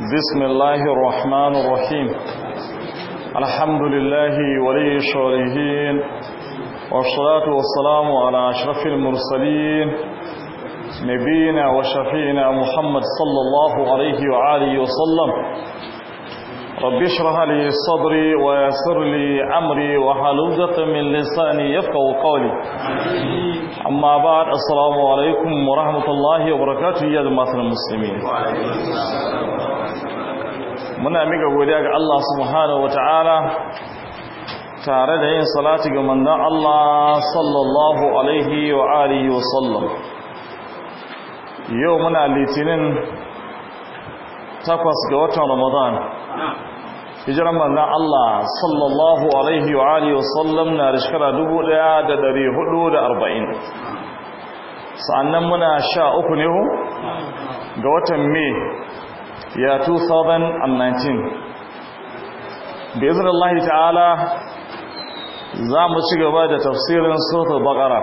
بسم الله الرحمن الرحيم الحمد لله ولي الشالحين والصلاة والسلام على أشرف المرسلين نبينا وشفينا محمد صلى الله عليه وآله وسلم رب اشرح لي صدري ويسر لي امري وحلوزة من لساني يفقه قولي اما بعد السلام عليكم ورحمة الله وبركاته يا جماعة المسلمين muna miga godiya ga Allah subhanahu wata'ala tare da yin salati ga manzon Allah sallallahu alaihi wa alihi wa sallam yau muna litinin takwas ga watan Ramadan hijiran manzon Allah sallallahu alaihi wa alihi wa sallam na da shekara 1440 Sannan muna sha uku ne ho ga watan Mai year 2019 bizin Allah ta'ala za mu ci gaba da tafsirin suratul baqara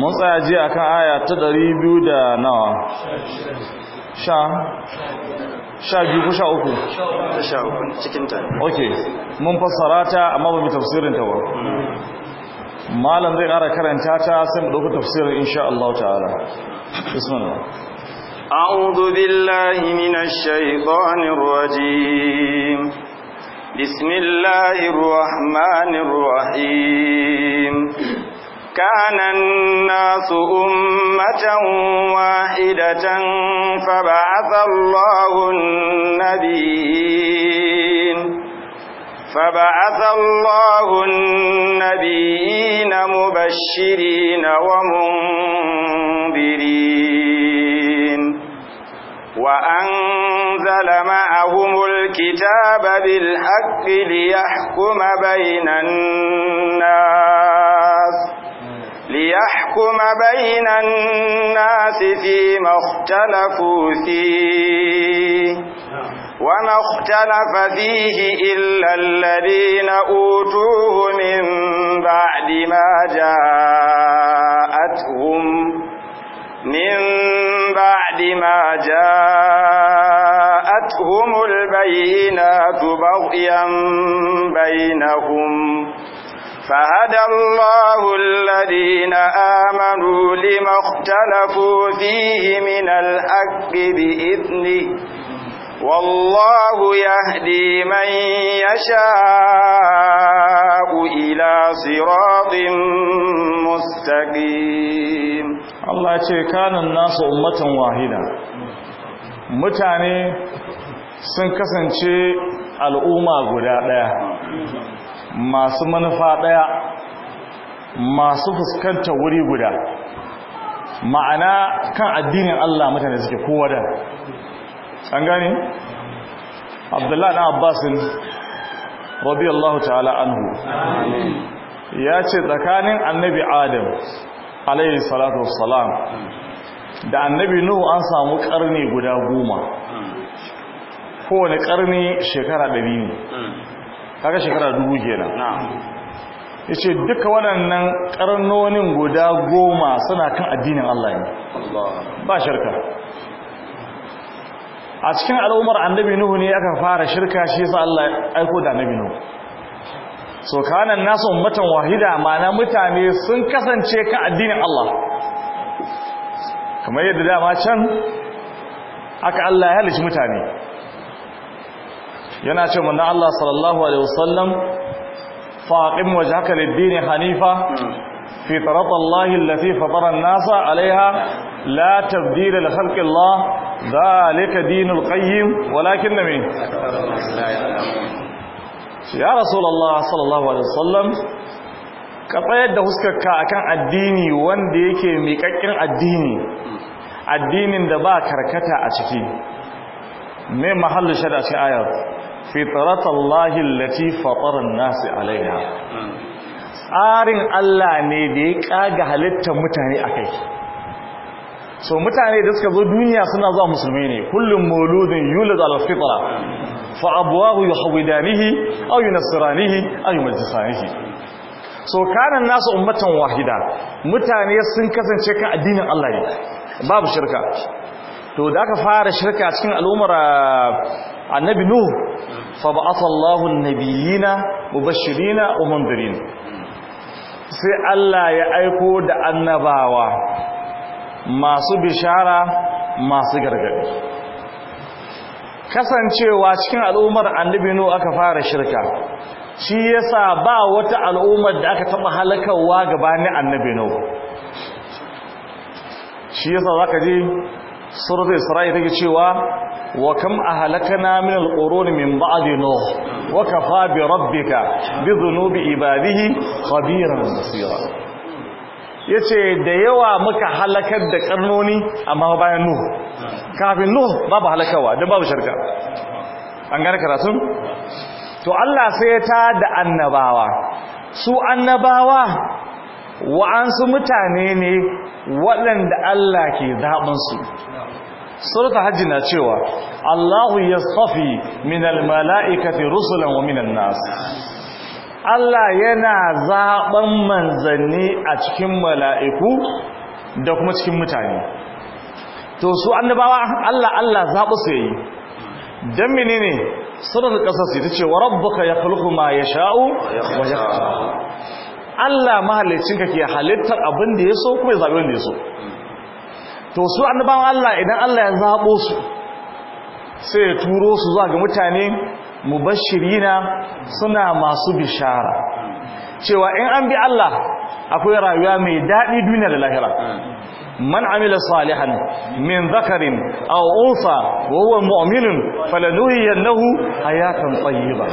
mun tsaya ji akan aya ta 200 da nawa sha sha biyu ko sha uku sha uku cikin ta okay mun fassara ta amma ba mu tafsirin ta ba malam zai ƙara karanta ta sai mu ɗauka tafsirin insha Allah ta'ala bismillah أعوذ بالله من الشيطان الرجيم بسم الله الرحمن الرحيم كان الناس أمة واحدة فبعث الله النبيين فبعث الله النبيين مبشرين ومنذرين وأنزل معهم الكتاب بالحق ليحكم بين الناس ليحكم بين الناس فيما اختلفوا فيه وما اختلف فيه إلا الذين أوتوه من بعد ما جاءتهم من بعد ما جاءتهم البينات بغيا بينهم فهدى الله الذين آمنوا لما اختلفوا فيه من الحق بإذنه والله يهدي من يشاء إلى صراط مستقيم الله ce kanan nasu ummatan wahida mutane sun kasance al'umma guda ɗaya masu manufa ɗaya masu fuskantar wuri guda ma'ana kan addinin Allah mutane suke kowa da an gane abdullahi na abbasin radiyallahu ta'ala anhu ya ce tsakanin annabi adam alayhi salatu wassalam da annabi nuhu an samu karni guda goma kowane karni shekara ɗari ne kaga shekara dubu kenan ya ce duka waɗannan karnonin guda goma suna kan addinin allah ne ba shirka a cikin al'ummar annabi nuhu ne aka fara shirka shi yasa Allah aiko da annabi nuhu so kana nasu wahida mana mutane sun kasance ka addinin Allah kamar yadda dama can aka Allah ya halishi mutane yana ce manzon Allah sallallahu alaihi wasallam faqim wajhaka lid-din hanifa fi tarata Allah allati fatara an-nasa alaiha la tabdila li khalqi Allah zalika dinul qayyim walakin me ya rasulullah sallallahu alaihi wasallam ka tsayar da huskarka akan addini wanda yake miƙaƙƙin addini addinin da ba karkata a ciki me mahallin shada ce ayar fitratallahi allati fatara an-nasi alaiha tsarin Allah ne da ya kaga halittar mutane akai so mutane da suka zo duniya suna zuwa musulmi ne kullum mauludin yulad al-fitra fa abwahu yuhawidanihi aw yunsiranihi aw yumajjisanihi so kanan nasu ummatan wahida mutane sun kasance kan addinin Allah ne babu shirka to da aka fara shirka cikin al'ummar ah, annabi nuh fa ba'atha Allahu an-nabiyina mubashirina wa mundirin sai Allah ya aiko da annabawa masu bishara masu gargaɗi. kasancewa cikin al'ummar annabi aka fara shirka shi yasa ba wata al'ummar da aka taba halakarwa gabanin annabi shi yasa zaka ji suratul isra'i take cewa wa kam ahlakana min alqurun min ba'di nuh wa kafa bi rabbika bi dhunubi ibadihi khabiran basira ya ce da yawa muka halakar da karnoni amma bayan nuhu kafin nuhu babu halakawa don babu shirka an gane karatun? to Allah sai ta da annabawa su annabawa wa'ansu mutane ne waɗanda Allah ke zaɓinsu surta hajji na cewa Allahu ya safi min mala'ikati rusulan wa minan nasu Allah yana zaɓen manzanni a cikin mala'iku da kuma cikin mutane to su annabawa Allah Allah zaɓi su yi don mini ne sunan ƙasarsu ta ce wa rabbuka ya kulku ma ya sha'u Allah ya Allah ke halittar abin da ya so kuma ya zaɓi wanda ya so to su Allah idan Allah ya zaɓo su sai ya turo su zuwa ga mutane mubashirina suna masu bishara cewa in an bi Allah akwai rayuwa mai daɗi duniya da lahira man amila salihan min zakarin aw unsa wa huwa mu'minun falanuhiyannahu hayatan tayyiba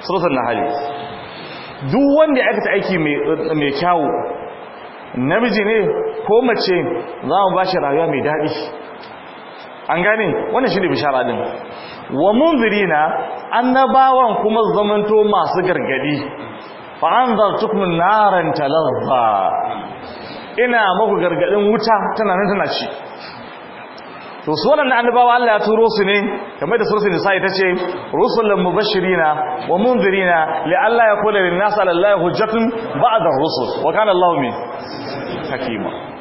suratul nahl duk wanda ya aikata aiki mai kyawu namiji ne ko mace za mu bashi rayuwa mai daɗi an gane wannan ne bishara din wa munzirina annabawan kuma zamanto masu gargadi fa anzartukum naran talazza ina maku gargadin wuta tana nan tana ci to su wannan annabawa Allah ya turo su ne kamar da suratul nisa ita ce rusulun mubashirina wa munzirina li alla yakuna lin nas ala allahi hujjatun ba'da rusul wa kana allah min hakima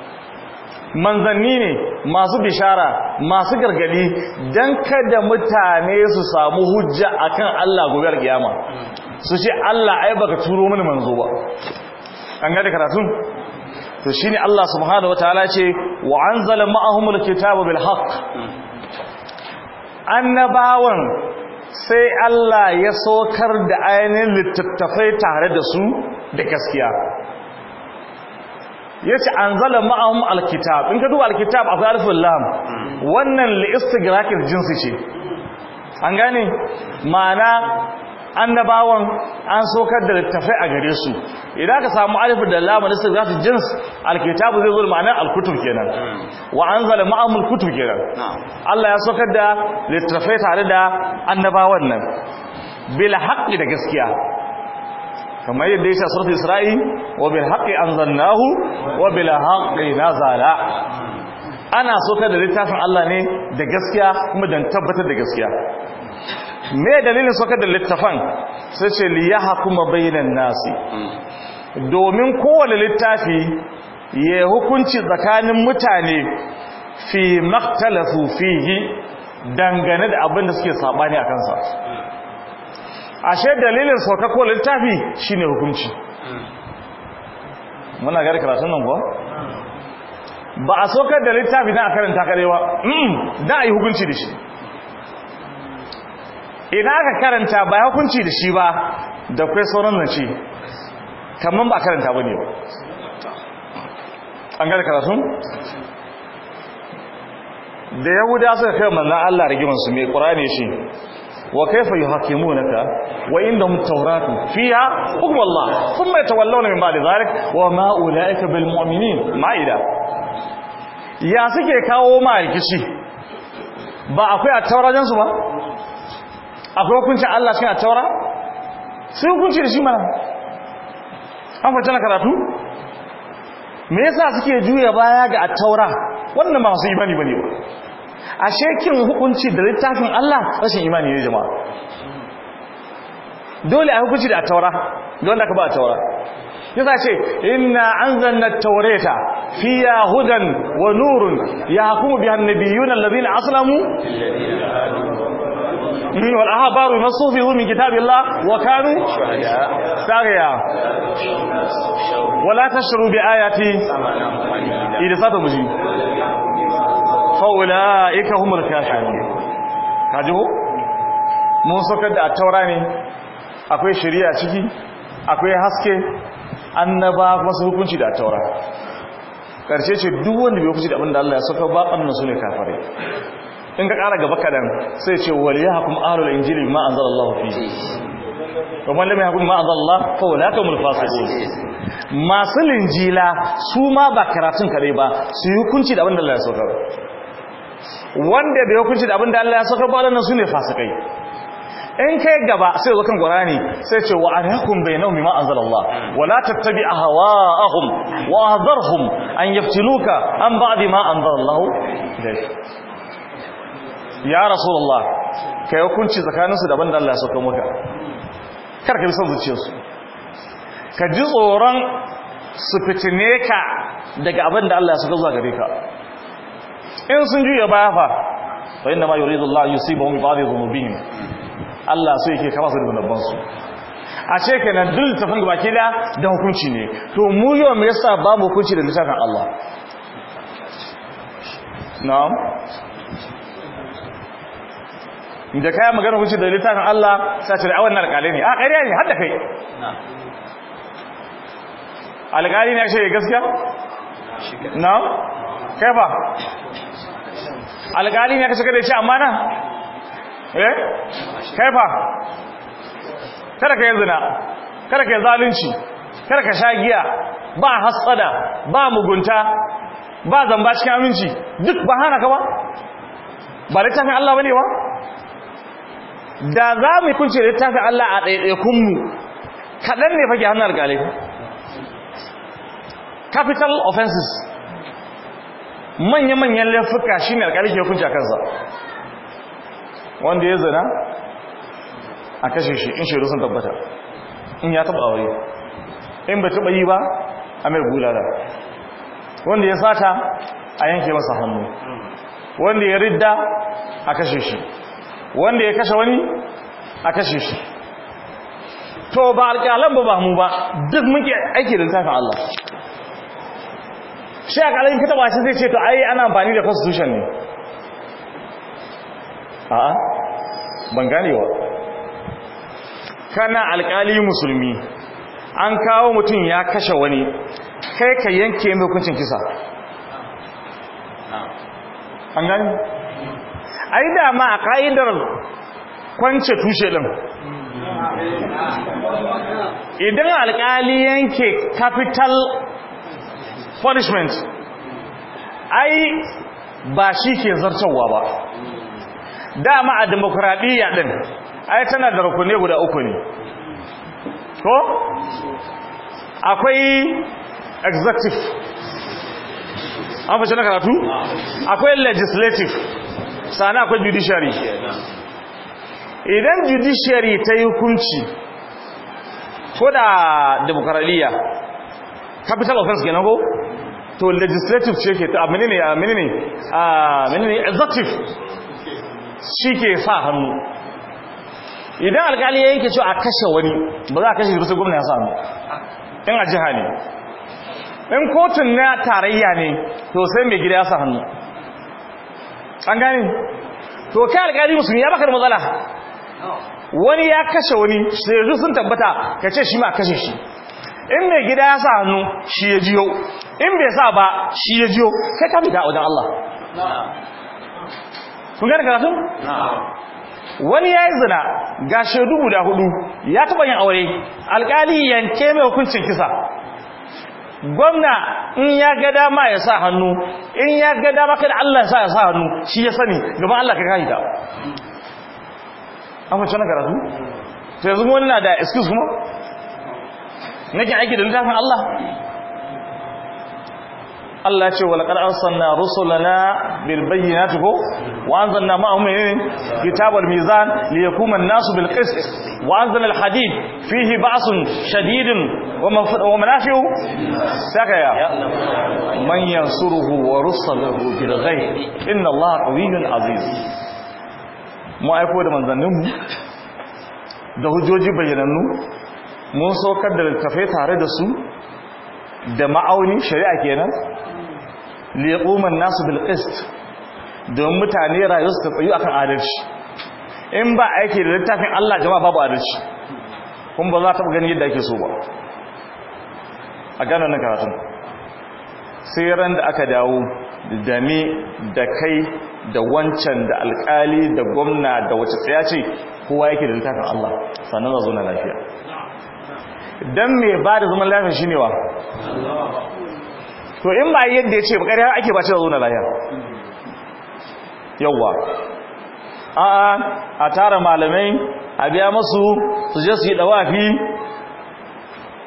manzanni ne masu bishara masu gargadi don kada mutane su samu hujja akan Allah gobe kiyama su ce Allah ai baka turo mini manzo ba an gane karatun to shine Allah subhanahu wataala ce wa anzala ma'ahumul kitaba bil haqq annabawan sai Allah ya sokar da ainihin littattafai tare da su da gaskiya yace anzala ma'ahum alkitab in ka duba alkitab a zarfin lam wannan li istigraqil jinsi ce an gane ma'ana annabawan an sokar da littafai a gare su idan ka samu alif da lam da za su jins alkitabu zai zo ma'anar alkutub kenan wa anzala ma'am alkutub kenan Allah ya sokar da littafai tare da annabawan nan bil haqqi da gaskiya kamar yadda ya sha suratul isra'i wa bil haqqi anzalnahu wa bil haqqi nazala ana soka da littafin Allah ne da gaskiya kuma dan tabbatar da gaskiya me dalilin soka da littafan sai ce li yahkuma bainan nasi domin kowane littafi ya hukunci tsakanin mutane fi maktalafu fihi dangane da abin da suke sabani a kansa ashe dalilin sauka ko littafi shine hukunci muna gari karatun nan ko ba a saukar da littafi na a karanta kare hmm, da a yi hukunci da shi idan aka karanta ba ya hukunci da shi ba da kwai sauran na ce kamar ba karanta ba ne ba an gari karatun da yahuda suka kai manzan allah rigimansu mai ƙura ne shi wa kaifa yuhakimunaka wa indahum tawratu fiha hukm Allah thumma yatawallawna min ba'di dhalik wa ma ulaika bil mu'minin ma'ida ya suke kawo ma rikici ba akwai a taurajen ba akwai hukuncin Allah cikin a sai hukunci da shi mana an karatu me yasa suke juya baya ga a taura wannan ba su imani bane ba A shekin hukunci da littafin Allah rashin imani ne jama'a dole a hukunci da taura don da ka ba taura yasa ce inna anzalna taurata fiya hudan wa nurun yahkumu biha an-nabiyuna alladhina aslamu wal ahbaru masufihu min kitabillah wa kanu sariya wala tashru bi ayati ta satabuji fa'ula'ika humul kafirun kaji ho mun saukar da taura ne akwai shari'a ciki akwai haske annaba masu hukunci da taura karshe ce duk wanda bai hukunci da abinda Allah ya saukar ba kannan su ne kafare in ka kara gaba kadan sai ce waliya hukum ahlul injili ma anzalallahu fihi kamar lamai hakun ma'azan Allah kawai laka mulfasiki masu linjila su ma ba karatun kare ba su yi hukunci da abin da Allah ya saukar wanda bai hukunci da abin da Allah ya saukar ba su ne fasikai in kai gaba sai zo kan qur'ani sai ce wa alaikum bainahum bima anzalallah wa la tattabi ahwaahum wa ahdharhum an yaftinuka an ba'di ma anzalallahu ya rasulullah kai hukunci tsakaninsu da abin da Allah ya saka maka kar ka bi son zuciyarsu ka ji tsoron su fitine ka daga abin da Allah ya saka zuwa gare ka in sun juya baya fa fa inna ma yuridu Allah yusibahum bi ba'dhi dhunubihim Allah so yake kama su da zunuban a ce kenan duk tafin gaba baki da da hukunci ne to mu yau me yasa ba mu hukunci da littafin Allah na'am da kai magana hukunci da litafin Allah sai ce a wannan alƙalai ne a ƙarya ne har da kai alƙali ne ya ce gaskiya na'am kai ba alƙalin ya kashe kada ce amana eh kaifa kada ka yi zina kada ka yi zalunci kada ka sha giya ba hassada ba mugunta ba zamba cikin aminci duk ba hana ka ba ba littafin Allah bane ba da za mu kunce littafin Allah a ɗaiɗaikun mu kaɗan ne fage hannun alƙalai capital offenses manya-manyan laifuka shi ne alƙali ke hukunci a kansa wanda ya zina a kashe shi in shaidu sun tabbata in ya taɓa aure in ba taɓa yi ba a mai gulada wanda ya sata a yanke masa hannu wanda ya ridda a kashe shi wanda ya kashe wani a kashe shi to ba alƙalan ba ba mu ba duk muke aiki da tafi Allah shi a ƙalin fita ba shi zai ce to ai ana amfani da constitution ne a ban ganewa kana alƙali musulmi an kawo mutum ya kashe wani kai ka yanke yin hukuncin kisa an gani ai dama a ka'idar kwance tushe ɗin idan alƙali yanke capital punishment ai ba shi ke zartarwa ba dama a demokuraɗiyya din ai tana da rukuni guda uku ne ko akwai executive an fashe na karatu akwai legislative sana akwai judiciary idan judiciary ta yi hukunci ko da capital offense gina go to legislative ce ke ta ah, menene ah, menene ah, menene executive shi ke sa hannu idan alkali ya yanke cewa a kashe wani ba za a kashe ba sai gwamna ya sa hannu in a jiha ne in kotun na tarayya ne to sai mai gida ya sa hannu an gani to kai alkali musulmi ya baka da matsala wani ya kashe wani sai yanzu sun tabbata ka ce shi ma kashe shi in mai gida ya sa hannu shi ya jiyo in bai sa ba shi ya jiyo sai ka mita wajen Allah kun gani karatun? wani ya yi zina ga shaidu guda hudu ya taɓa yin aure alƙali yanke mai hukuncin kisa gwamna in ya ga dama ya sa hannu in ya ga dama kada Allah ya sa ya sa hannu shi ya sani gaba Allah ka kai ta an fice na karatu sai yanzu wani na da excuse kuma nake aiki da littafin Allah Allah ce wa laqad arsalna na bil bayyinati tuko wa anzalna ma'ahum kitabal mizan liyakuma nasu bil qist wa anzalna al hadid fihi ba'sun shadidin wa manafi'u sakaya Manyan suruhu wa rusulahu bil ghaib inna Allah qawiyyun aziz mu aiko da manzanninmu da hujjoji bayyanannu mun saukar da littafai tare da su da ma'auni shari'a kenan liquman nasu bil qist don mutane rayuwar su tsayu akan adalci in ba aiki da littafin Allah jama'a babu adalci kun ba za ta gani yadda ake so ba a gane nan karatun sai ran da aka dawo da me da kai da wancan da alkali da gwamna da wace tsaya ce kowa yake da littafin Allah sannan zo na lafiya don mai ba da zaman lafiya shine ne wa to in ba yadda ya ce ba har ake ba ce zaune lafiya yauwa a'a a tara malamai a biya masu su je su yi dawafi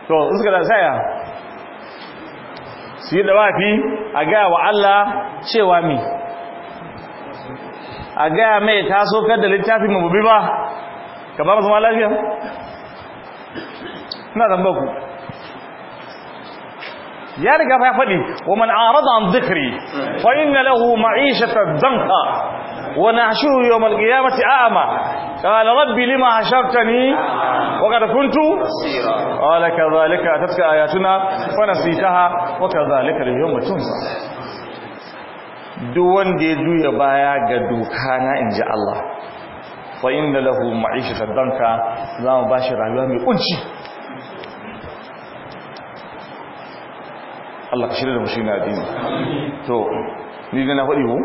to in suka da saya su yi dawafi a gaya wa Allah cewa mi a gaya mai taso da littafin mabubi ba ka ba masu ma lafiya ina zamba ku ya riga ya faɗi wa man arada an dhikri fa inna lahu ma'ishatan danqa wa nahshuru yawm al-qiyamati a'ma qala rabbi lima hashartani wa qad kuntu qala kadhalika atatka ayatuna fa nasitaha wa kadhalika al-yawma tunsa duk wanda ya juya baya ga doka na inji Allah fa inna lahu ma'ishatan danqa za bashi rayuwa mai kunci Allah ka shirya da mushi na addini to ni da na faɗi ko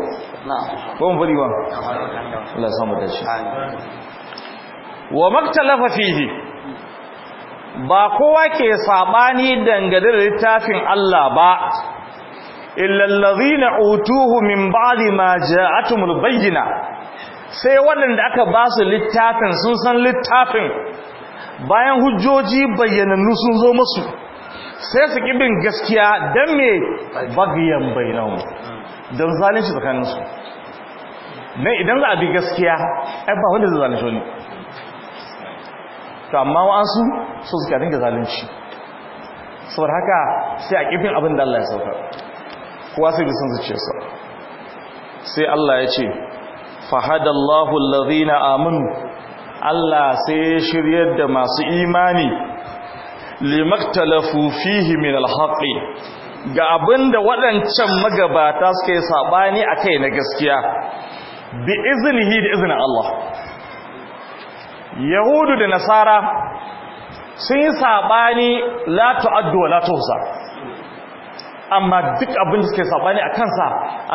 ko faɗi ba Allah ya samu dace wa maktalafa fihi ba kowa ke sabani dangane da littafin Allah ba illa allazina utuhu min ba'di ma ja'atumul bayyina sai waɗanda aka ba su littafin sun san littafin bayan hujjoji bayyanannu sun zo musu sai su kibin gaskiya don me bagiyan bainahu don shi tsakaninsu na idan za a bi gaskiya ai ba wanda zai shi wani to amma wa'ansu so suka dinga sau saboda haka sai a kifin abin da Allah ya sauka kuwa sai bisan zuciyarsa sai Allah ya ce fahadallahu allazina aminu Allah sai ya da masu imani limaktalafu fihi min alhaqi ga abinda waɗancan magabata suke yi sabani akai na gaskiya bi iznihi da iznin Allah yahudu da nasara sun yi sabani la tu'addu wa la tuhsa amma duk abin suke sabani a kansa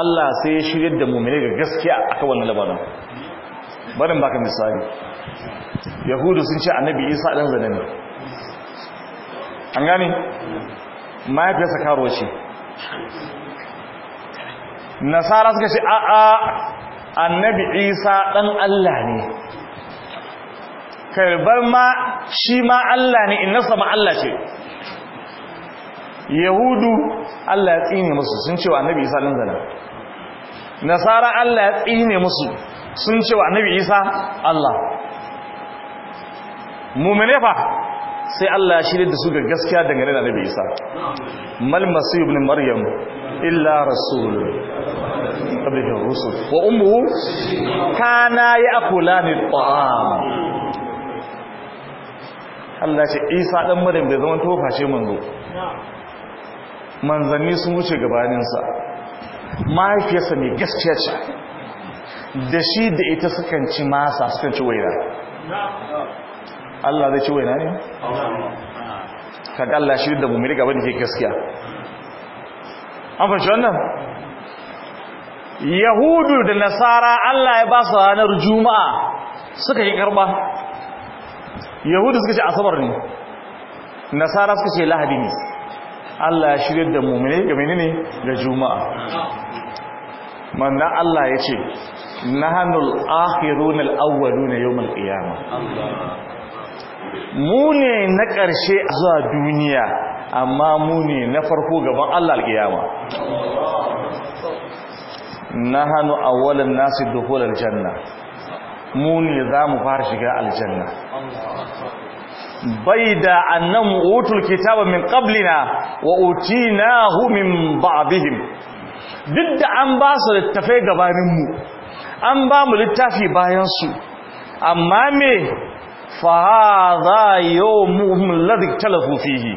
Allah sai ya shiryar da mu'mini ga gaskiya akan wannan labarin barin baka misali yahudu sun ce annabi Isa dan zalimi an gane mahaifiyarsa karuwa ce nasara suka ce a'a annabi isa ɗan allah ne karbar ma shi ma allah ne in nasa ma allah ce yahudu allah ya tsine musu sun cewa annabi isa ɗan zana nasara allah ya tsine musu sun cewa annabi isa allah mummune fa sai Allah shi da su ga gaskiya dangane da Nabi Isa malmasi ibn maryam illa rasul abin rusul wa ummuhu kana ya'kulani at-ta'am Allah ce Isa dan maryam bai zama tofashe manzo manzanni sun wuce gabaninsa mahaifiyarsa ne gaskiya ce da shi da ita sukan ci masa sukan ci waira Allah zai ci waina ne kan Allah shi da bumiri gaba da ke gaskiya an fashe wannan yahudu da nasara Allah ya ba su ranar juma'a suka yi karba yahudu suka ce asabar ne nasara suka ce lahadi ne Allah ya shirya da mummune ga menene da juma'a manna Allah ya ce nahanul akhirun al na yawm al-qiyamah mu ne na ƙarshe zuwa duniya amma mu ne na farko gaban Allah hannu a awwalan nasu dukhul aljanna mu ne mu fara shiga aljanna Bai da anan utul kitaba min qablina wa utinahu min ba'dihim duk da an ba su littafai gabaninmu, an ba mu littafi bayan su amma me fahaza yau muhimmin talafu fihi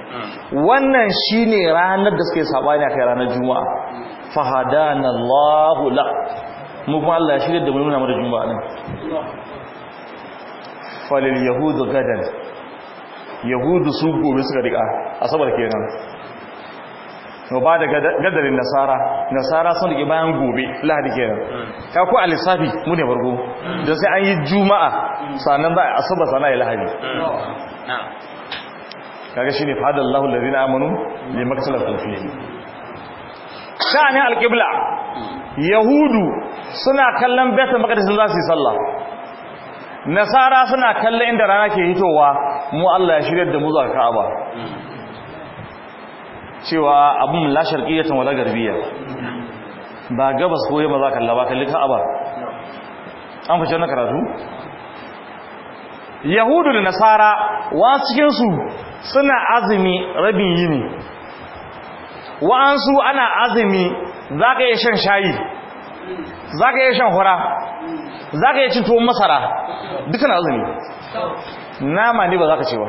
wannan shine ranar da suke sabani a kai ranar juma'a fahadana Allahu la mu Allah ya shirya da mu nuna mata juma'a nan. falil yahudu gadan yahudu su gobe suka rika asabar kenan to ba da gadarin nasara nasara sun rike bayan gobe lahadi kenan ka ku alisafi mu ne bargo don sai an yi juma'a sannan za a asuba sana'a lahadi kaga shine fadallahu allazina amanu limaktalafu fihi shani alqibla yahudu suna kallon baitul maqdis za su yi sallah nasara suna kallon inda rana ke hitowa mu Allah ya shirya da mu zuwa ka'aba cewa abun la sharqiyatan wala garbiya ba gabas ko yamma za kalla ba kalli ka'aba an fice na karatu yahudu da nasara wa cikin suna azumi rabin yini wa'ansu ana azumi za ka yi shan shayi za ka yi shan hura za ka yi cin tuwon masara dukkan azumi nama ne ba za ka ce ba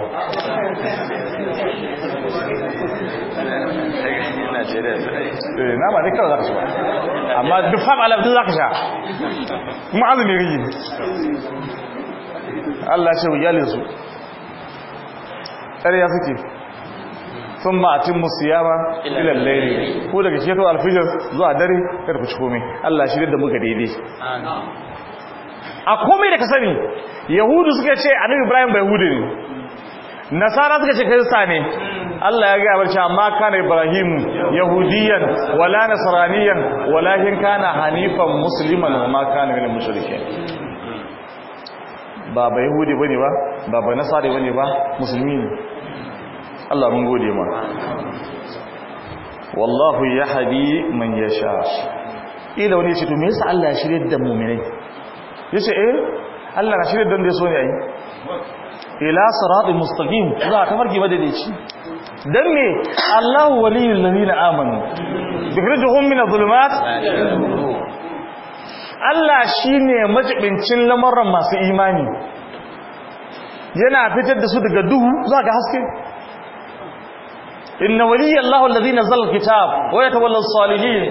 Eh, na ba dai kawai za ka sha amma duk fam alabdin za ka sha kuma azumi rigi Allah ce wuyalin su ƙarya suke sun ma'atin musu yawa ilan laili ko daga shekaru alfijar zuwa dare ya rufu komai Allah shi da muka daidai a komai da ka sani yahudu suka ce annabi ibrahim bai hudu ne nasara suka ce kirista ne Allah ya gaya barci amma kana ibrahimu yahudiyan wala nasraniyan walakin kana hanifan musliman amma kana ne musulki? ba yahudi bane ba ba ba nasari bane ba musulmi ne Allah mun gode ma wallahu yahdi man yasha ila wani ce to me yasa Allah ya shirye da mu'minai yace eh Allah ya shirye da ya so ne ai ila siratin mustaqim za ka farki madadici dan me Allahu waliyul ladina amanu yukhrijuhum min adh-dhulumat Allah shine majibincin lamarin masu imani yana fitar da su daga duhu za ka haske inna waliyallahu alladhi nazzala al-kitab wa yatawalla as-salihin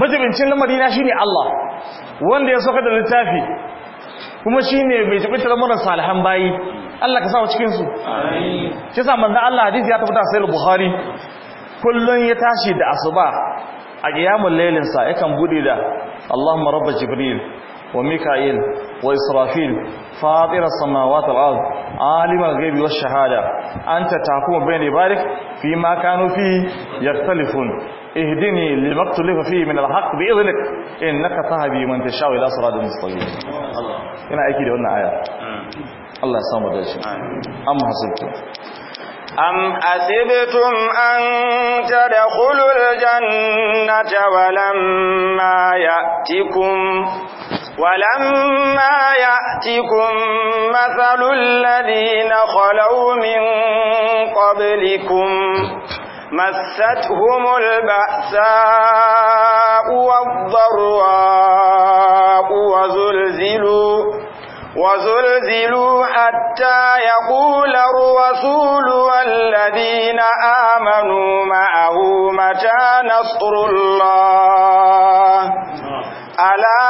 majibincin lamarina shine Allah wanda ya saka da littafi kuma shine mai jibitar mura salihan bayi Allah ka sawa cikin su amin kisa manzo Allah hadisi ya tabbata sai Buhari. Kullum ya tashi da asuba a qiyamul lailin sa yakan buɗe da Allahumma marabba jibril wa mika'il wa israfil fatir as-samawati عالم الغيب والشهادة أنت تحكم بين عبادك فيما كانوا فيه يختلفون اهدني لما اختلف فيه من الحق بإذنك إنك تهدي من تشاء إلى صراط مستقيم ina aiki da wannan aya Allah ya samu ام حسبتم ام حسبتم ان تدخلوا الجنه ولما walamma ولما يأتكم مثل الذين خلوا من قبلكم مستهم البأساء والضراء وزلزلوا وزلزلوا حتى يقول الرسول والذين آمنوا معه متى نصر الله ألا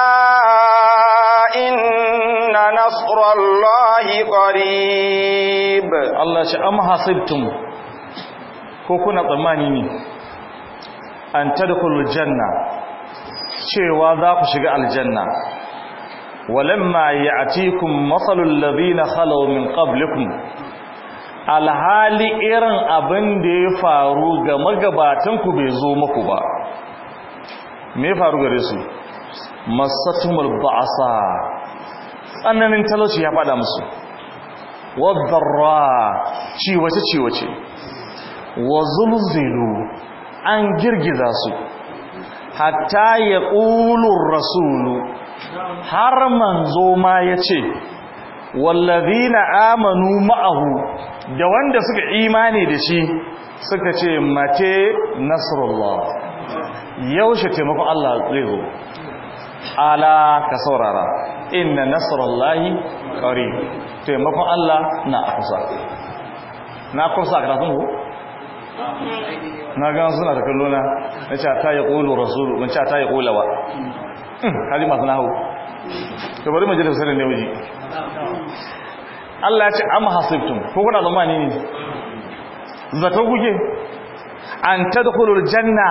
إن نصر الله قريب الله أم حصبتم كوكونا طمانيني أن تدخل الجنة cewa za شقاء الجنة ولما يعتيكم مصل الذين خلوا من قبلكم qablikum alhali irin abin da ya faru ga magabatanku bai zo muku ba me faru gare su masatumul ba'asa tsananin talauci ya fada musu wadarra ciwace ciwace wa zulzulu an girgiza su hatta ya ƙulun rasulu har manzo ma ya ce wallazina amanu ma'ahu da wanda suka imani da shi suka ce mate nasrullah yaushe taimakon Allah zai zo ala ka saurara inna nasarallahi qarib taimakon Allah na kusa na kusa ka tafin ku na gan suna da kallona na ce ta yi qulu rasulu mun ce ta yi qulawa Hali hmm, masu nahu to bari mu ji da sanin ne waje Allah ya ce amma hasibtum ko kuna zama ne zato kuke an tadkhulul janna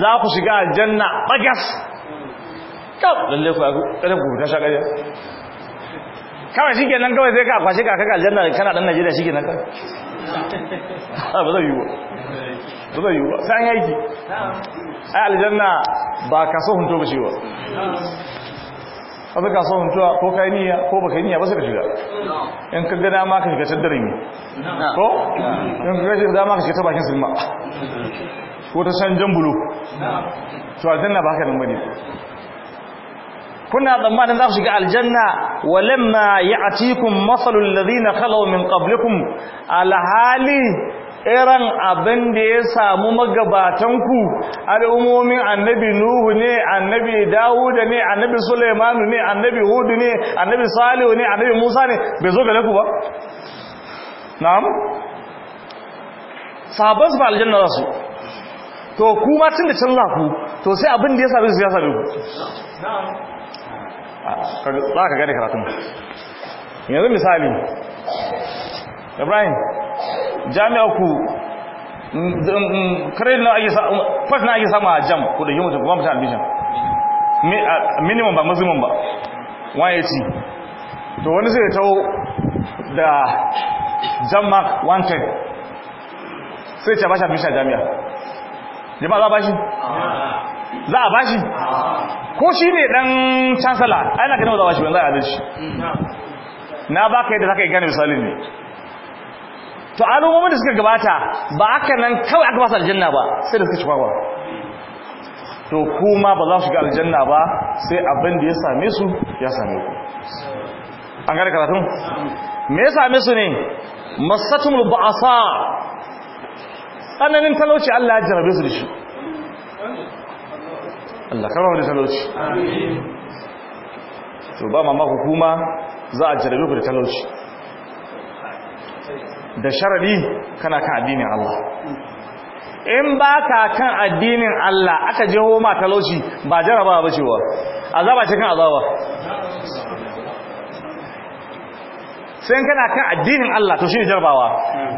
za ku shiga aljanna bagas kawai lalle ku ƙarfi ku ta sha ƙarya kawai shi kenan kawai sai ka kwashe ka kaka aljanna kana ɗan najeriya shi kenan kawai ba zai yiwu ba zai yiwu sai an aiki ai aljanna ba kaso hunto ba shi ba ba ka so mutuwa ko kai niya ko baka niya ba sai ka shiga in ka ga dama ka shiga tsaddarin ne ko in ka ga dama ka shiga ta bakin sulma ko ta san jan bulu to aljanna ba haka nan ne. kuna zamanin za ku shiga aljanna walamma ya'tikum masalul ladina khalu min qablikum alhali irin abin da ya samu magabatanku al'ummomin annabi nuhu ne annabi dawuda ne annabi sulaiman ne annabi hudu ne annabi salih ne annabi musa ne bai zo gare ku ba na'am sahabban ba aljanna za su to kuma tun da can za ku to sai abin da ya same su ya same ku za ka gane karatun yanzu misali ibrahim jami'a ku kredit mm, mm, mm, na ake samu kwas na ake samu a jam ko da yi mutum kuma mutum admission minimum ba mazimum ba waye ci to wani zai taho da jam mark 110 sai ce ba shi admission jami'a jama'a za ba shi ah. za a bashi ko shi ne dan chancellor ana ganin za a bashi ban za a adalci na baka yadda zaka yi gane misalin ne to al'ummomin da suka gabata ba haka nan kawai aka basu aljanna ba sai da suka ci kwakwa to kuma ba za su ga aljanna ba sai abin da ya same su ya same ku an gane karatun me ya same su ne masatumul ba'asa tsananin talauci Allah ya jarabe su da shi Allah karba mu da talauci to ba mama hukuma za a jarabe ku da talauci da sharari kana kan addinin Allah in ba ka kan addinin Allah aka je homa talauci ba jaraba ba cewa azaba ce kan azaba sai kana kan addinin Allah to shine jarabawa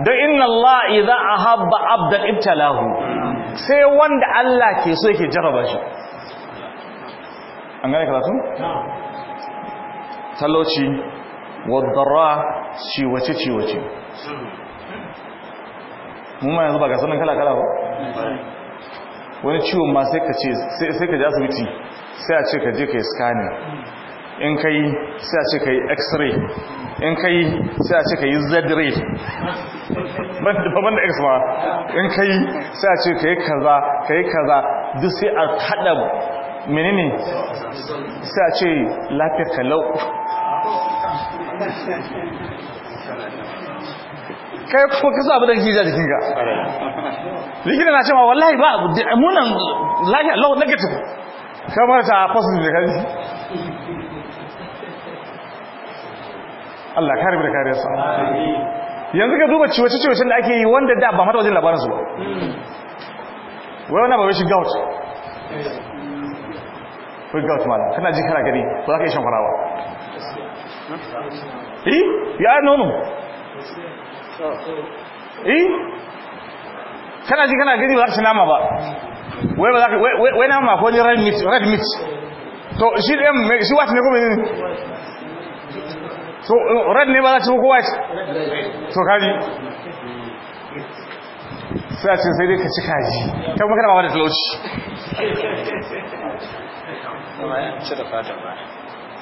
don inna Allah a habba abdan ibtalahu sai wanda Allah ke so yake jaraba shi an gane karatu? talauci wadara ciwace-ciwace mun ma yanzu ba ga sanin kala-kala ba wani ciwon ma sai ka ce sai ka ji asibiti sai a ce ka je ka yi skani in ka yi sai a ce ka yi x-ray in ka yi sai a ce ka yi z-ray ban da x ma in ka yi sai a ce ka yi kaza ka yi kaza duk sai a haɗa menene sai a ce lafiya kalau kai ko kasa abu da kake ja jikinka likita na cewa wallahi ba abu munan lafiya low negative kamar ta da kai Allah kare mu da kariyarsa yanzu ka duba ciwace-ciwacen da ake yi wanda da ba mata wajen labaransu ba wai wani ba wai shi gout freakout mala kana ji kana gani ba za ka yi shan farawa eh? eh ya nono eh kana ji kana gani ba za ka ci nama ba wai ba za ka wai nama ko ni red meat red meat to shi ɗin shi wata ne kuma so red ne ba za ci ko white to kaji sai a cin sai dai ka ci kaji ta kuma kana ba da talauci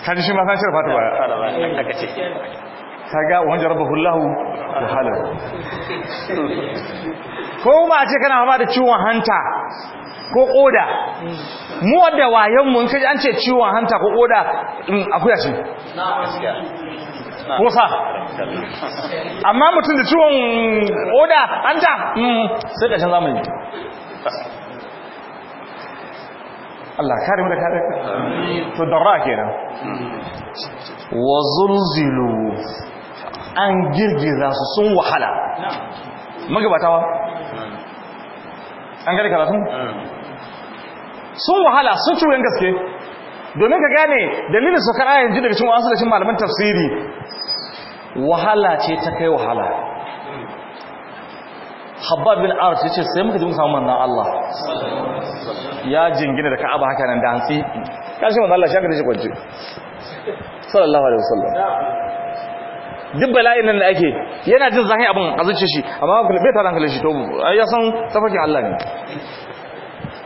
kan shi ma san cire fata baya kaga wani jarabahu Hullahu wahala ko ma a ce kana fama da ciwon hanta ko koda mu da wayan kaji an ce ciwon hanta ko koda mm, akuya ce ko sa amma mutum da ciwon koda hanta mm, sai kashin zamani Allah kare mu da kare to darra kenan wa zulzilu an girgiza su sun wahala magabata ba an gari karatu sun wahala sun cuyen gaske domin ka gane dalilin su kara yanzu daga cikin wasu da cikin malaman tafsiri wahala ce ta kai wahala habab bin arz ya ce sai muka ji muka samu Allah ya jingina da ka'aba haka nan da hansi kashi manzan Allah shi haka da shi kwanci sallallahu alaihi wasallam duk bala'in nan da ake yana jin zahi abin a zuce shi amma bai ta hankali shi to ya san tafakin Allah ne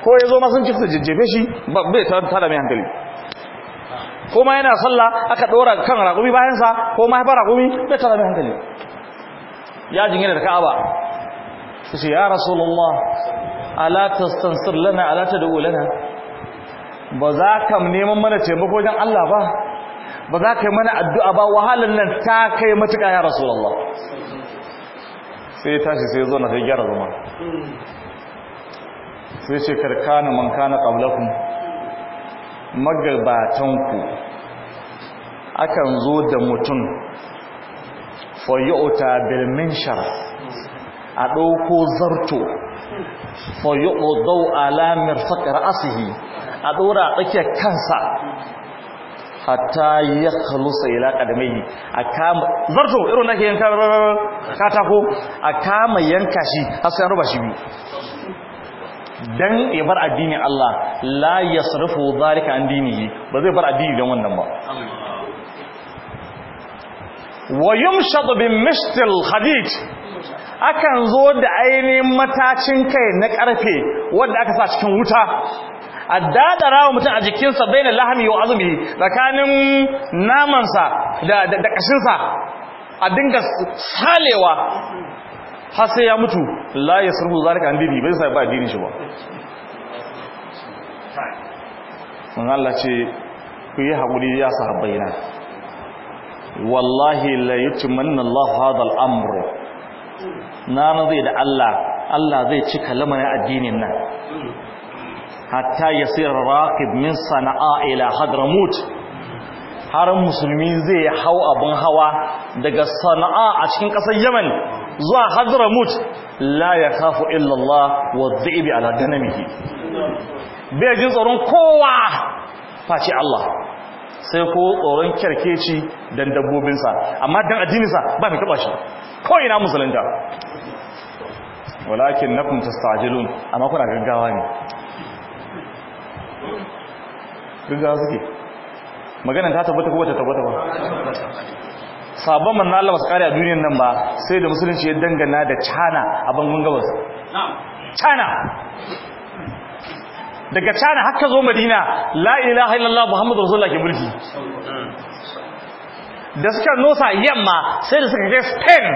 ko ya zo masun cikin jajjefe shi bai ta mai hankali ko ma yana sallah aka dora kan raƙumi bayansa ko ma haifar raƙumi bai ta mai hankali ya jingina da ka'aba ce ya rasulullah ala tastansir lana ala da lana ba za ka neman mana taimako wajen Allah ba ba za ka yi mana addu'a ba wahalar nan ta kai matuƙa ya rasulullah sai tashi sai zo na sai gyara zama sai ce karkana man kana qablakum magabatanku akan zo da mutum fayu'ta bil minshar a ɗauko zarto fa yi odau alamir faƙar asihi a ɗora tsakiyar kansa hatta ya kalusa ila ƙadamai a kama zarto irin da ke yanka katako a kama yanka shi har sai an ruba shi biyu dan ya bar addini Allah la yasrifu zalika an dinihi ba zai bar addini don wannan ba wa yumshadu bin mishtil khadij akan zo da ainihin matacin kai na karfe wanda aka sa cikin wuta a dadara wa mutum a jikinsa bai na lahami wa azumi tsakanin namansa da ƙashinsa a dinga salewa har sai ya mutu la ya za a an dini bai sai ba dini shi ba sun Allah ce ku yi haƙuri ya na. wallahi la yutmanna Allah hadha al na zai da Allah Allah zai cika lamarin addinin nan hatta yasir raqib min sana'a ila hadramut har musulmi zai hau abin hawa daga sana'a a cikin ƙasar Yemen zuwa hadramut la ya illa illallah wa dhibi ala ganamihi bai jin tsaron kowa face Allah sai ko tsoron kyarkeci don dabbobinsa amma don addininsa ba mai taba shi kawai ina musulunta walakin nakum tastajilun amma kuna gaggawa ne gaggawa suke Maganin ta tabbata ko ta tabbata ba sabon manna Allah masu kare a duniyan nan ba sai da musulunci ya dangana da cana a bangon gabas cana daga cana haka zo madina la ilaha illallah muhammadu rasulullah ke mulki da suka nosa yamma sai da suka kai spain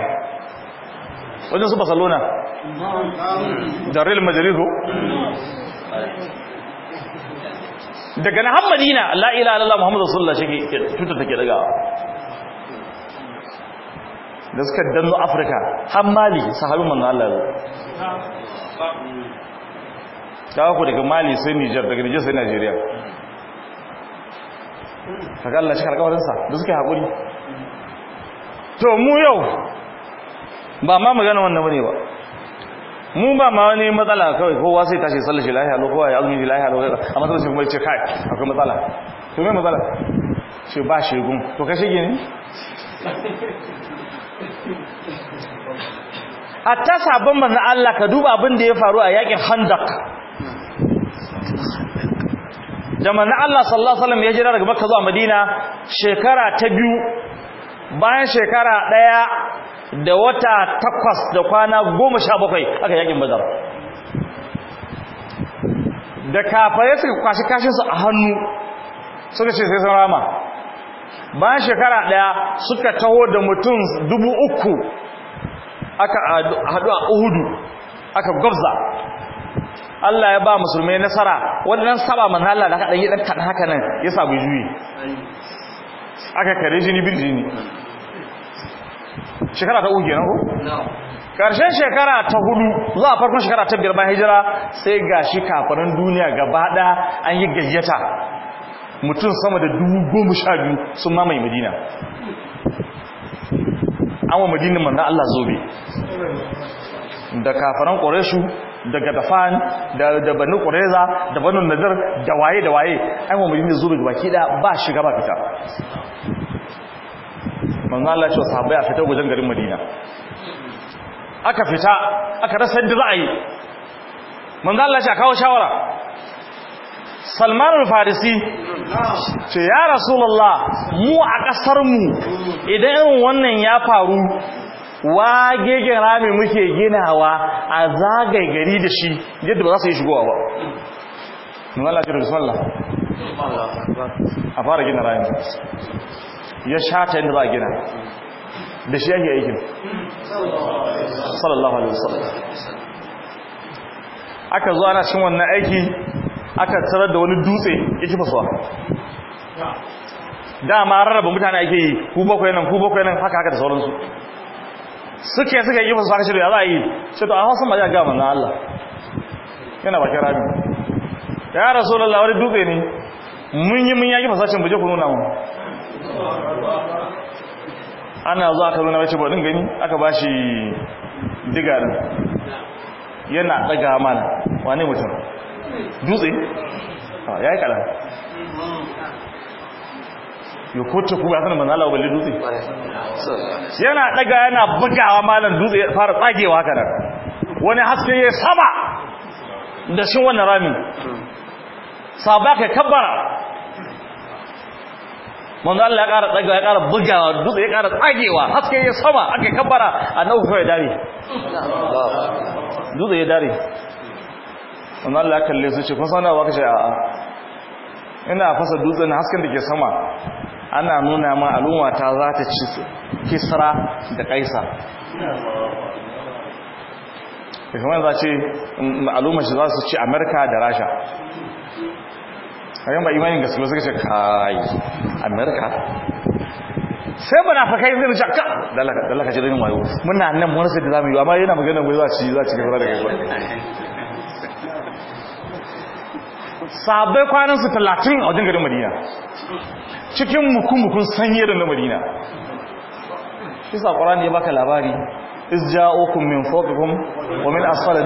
wajen su barcelona da real daga na hammadina la ilaha illallah muhammadu rasulullah shi ke tutar take daga. da suka danno afirka Hamali, mali sahabin manzo ta ku daga mali sai nijar daga nijar sai najeriya kaga allah shi karkawarinsa da suke haƙuri to mu yau ba ma magana wannan wani ba mu ba ma wani matsala kawai kowa sai tashi sallar shi lahiya lo kowa ya azumi shi lahiya lo a matsalar shi kuma ce kai akwai matsala to mai matsala ce ba gun to ka shige ne a ta sabon manzan Allah ka duba abin da ya faru a yakin handak da manzon Allah sallallahu alaihi wasallam ya jira daga Makka zuwa Madina shekara ta biyu bayan shekara daya da wata takwas da kwana 17 aka yakin Badar da kafaye suka kwashi kashin su a hannu suka ce sai sarama bayan shekara daya suka taho da mutum dubu uku aka haɗu a Uhudu aka gwabza Allah ya ba musulmai nasara wannan saba manzo Allah da kadan yi dan kadan haka nan ya samu juyi aka kare jini bin jini shekara ta uge na ko karshen shekara ta hudu za a farkon shekara ta biyar bayan hijira sai ga shi kafaran duniya gaba ɗaya an yi gayyata mutum sama da dubu goma sha biyu sun mamaye madina an wa madinin manzan Allah zobe da kafaran ƙoreshu daga dafan da banu Kureza, da banu nazar da waye da waye an mu mulmi zuru baki da ba shiga ba fita manzo Allah ya sahabbai a fita gujen garin Madina aka fita aka rasa yadda za a yi manzo Allah ya kawo shawara Salman al-Farisi ce ya Rasulullah mu a kasar mu idan irin wannan ya faru wagegen rami muke ginawa a zagaye gari da shi yadda ba za su yi shigowa ba nuna da sallah a fara gina rami ya shata yadda za a gina da shi yake aikin sallallahu alaihi wasallam aka zo ana cin wannan aiki aka tsarar da wani dutse ya kifa suwa dama rarraba mutane ake yi ku bakwai nan ku bakwai nan haka haka da sauransu suke suka yi musu sakaci da ya za a yi ce to a hausa ma ya gama na Allah yana bakin rami ya rasu lallah wani dutse ne mun yi mun yaki fasashin buje ku nuna mu ana zuwa ka nuna wace bodin gani aka ba shi digarin yana daga mana wane mutum dutse ah, ya yi kala ya kocin kuma ba sanin manzo Allah balle dutse yana daga yana bugawa malam dutse ya fara tsagewa haka wani haske ya sama da shi wannan rami saba ka kabbara manzala ya ƙara tsagewa ya ƙara bugawa dutse ya ƙara tsagewa haske ya sama aka kabbara annabi ko ya dare dutse ya dare manzala ya kalle su ce kun sanawa kace a'a ina fasa dutsen hasken da ke sama ana nuna ma al'umma ta za ta ci kisra da kaisa kuma za ce um, um, al'umma shi za su ci amerika da rasha a ba imanin gaske suka ce kai amerika sai ba na fakai zai nace ka dalaka dalaka ce da yin wayo muna nan wani sai da mu yi amma yana magana gobe za ci za ci gaba da kai sabai kwanan talatin a wajen garin madina cikin mukun-mukun sanyi da na madina shi ƙwararri ya baka labari iz ja'ukum min fawqikum wa min asfala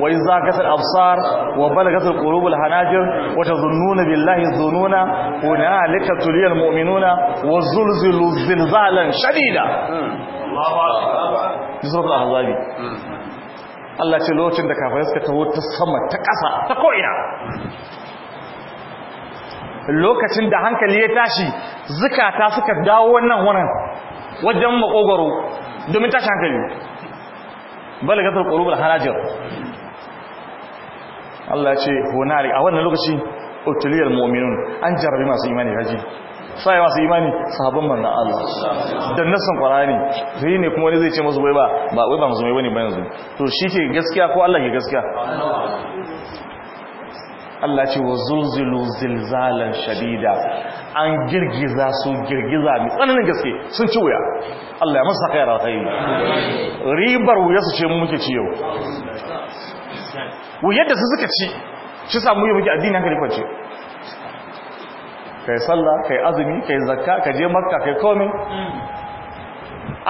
wa iz gasar al-absar wa balagat al-qulub hanajir wa tazunnuna billahi dhununa hunalika tuliyal mu'minuna wa zulzilu zilzalan shadida Allahu Allah ce lokacin da kafin suka taho ta sama ta ƙasa ta ko'ina lokacin da hankali ya tashi zukata suka dawo wannan wannan wajen makogaro domin tashi hankali balagatar ƙorubul hanajar Allah ce honari a wannan lokaci otuliyar mominun an jarabi masu imani haji sai masu imani sahabban manzon Allah da nasan Qur'ani sai ne kuma wani zai ce musu bai ba ba wai ba musulmai bane ba yanzu to shike gaskiya ko Allah ke gaskiya Allah ce wa zulzilu zilzalan shadida an girgiza su girgiza mai tsananin gaske sun ci wuya Allah ya masa kayar alkhairi ribar wuya su ce mu muke ci yau wuyar da su suka ci shi samu yi muke addini hankali kwance kai salla kai azumi kai zakka ka je makka kai komai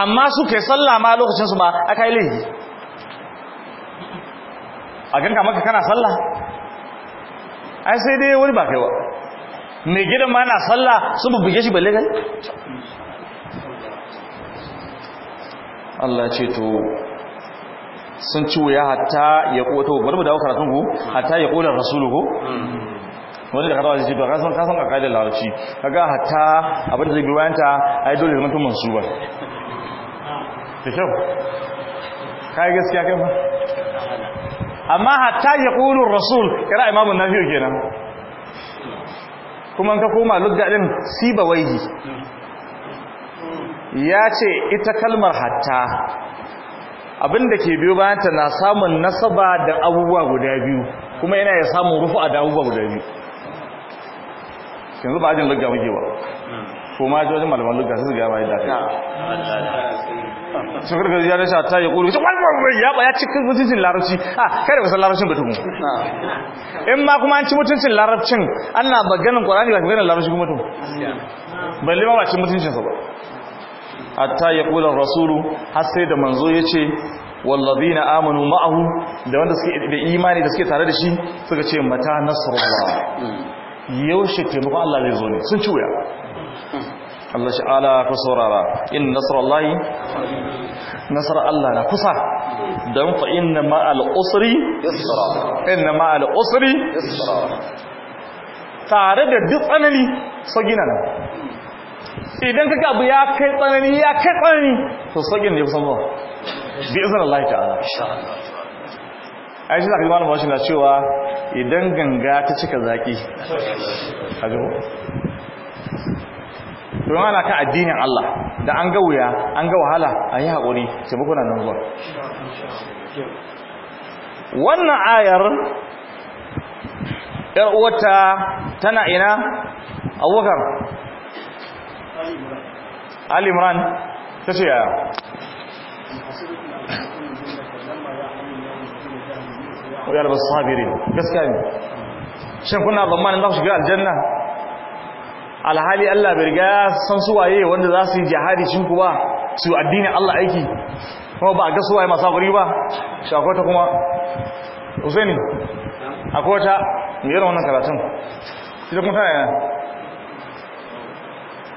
amma su kai salla ma lokacin su ma aka yi laifi a ganka maka kana salla? ai sai dai wani ba kai ba mai gidan ma na sallah sun bubbuge shi balle kai Allah ce to sun ci wuya hatta ya koto bari mu dawo karatun ku hatta ya kola rasulu ko wani da karawa zai ce to ka san ka san aqaidar larabci kaga hatta abin da zai bi bayan a yi dole zaman to ba da kyau yi gaskiya kai ba amma hatta ya qulu rasul kira imamu nafi'u kenan kuma ka koma lugga din siba waihi ya ce ita kalmar hatta abinda ke biyo bayanta na samun nasaba da abubuwa guda biyu kuma yana ya samun rufu a da abubuwa guda biyu yanzu ba ajin lugga muke ba ko ma ji wajen malaman lugga su gaba yadda ta sun karkar ya rasha ta ya kuru wani wani ya ba ya cikin mutuncin larabci ah, a kare wasan larabcin batumu in ma kuma an ci mutuncin larabcin an na maganin kwarani ba ganin larabci kuma tumu balle ma ba ci mutuncinsa ba ta ya kula rasulu har sai da manzo ya ce wallazina amanu ma'ahu da wanda suke da imani da suke tare da shi suka ce mata nasrullah hmm. yaushe taimakon Allah zai zo ne sun ci wuya Allah sha'ala ku saurara in nasarallahi nasarar Allah na kusa don fa inna ma'al usri inna ma'al usri tare da duk tsanani sogina nan idan kaga abu ya kai tsanani ya kai tsanani to sogin ne kusan zuwa bi izinin Allah ta'ala ai shi zaka malam washi na cewa idan ganga ta cika zaki kaji ko don kan addinin Allah da an ga wuya an ga wahala an yi haƙuri sai muku nan zuwa wannan ayar ƴar uwata tana ina abubakar Ali Imran ce ya wa yarba sabirin gaskiya ne shin kuna zamanin za ku shiga aljanna alhali Allah bai riga ya san su waye wanda za su yi jihadi cin kuwa ba su addinin Allah aiki kuma ba a ga su masu haƙuri ba shakwata kuma usaini akwai kowata mai irin wannan karatun ita kuma tana yana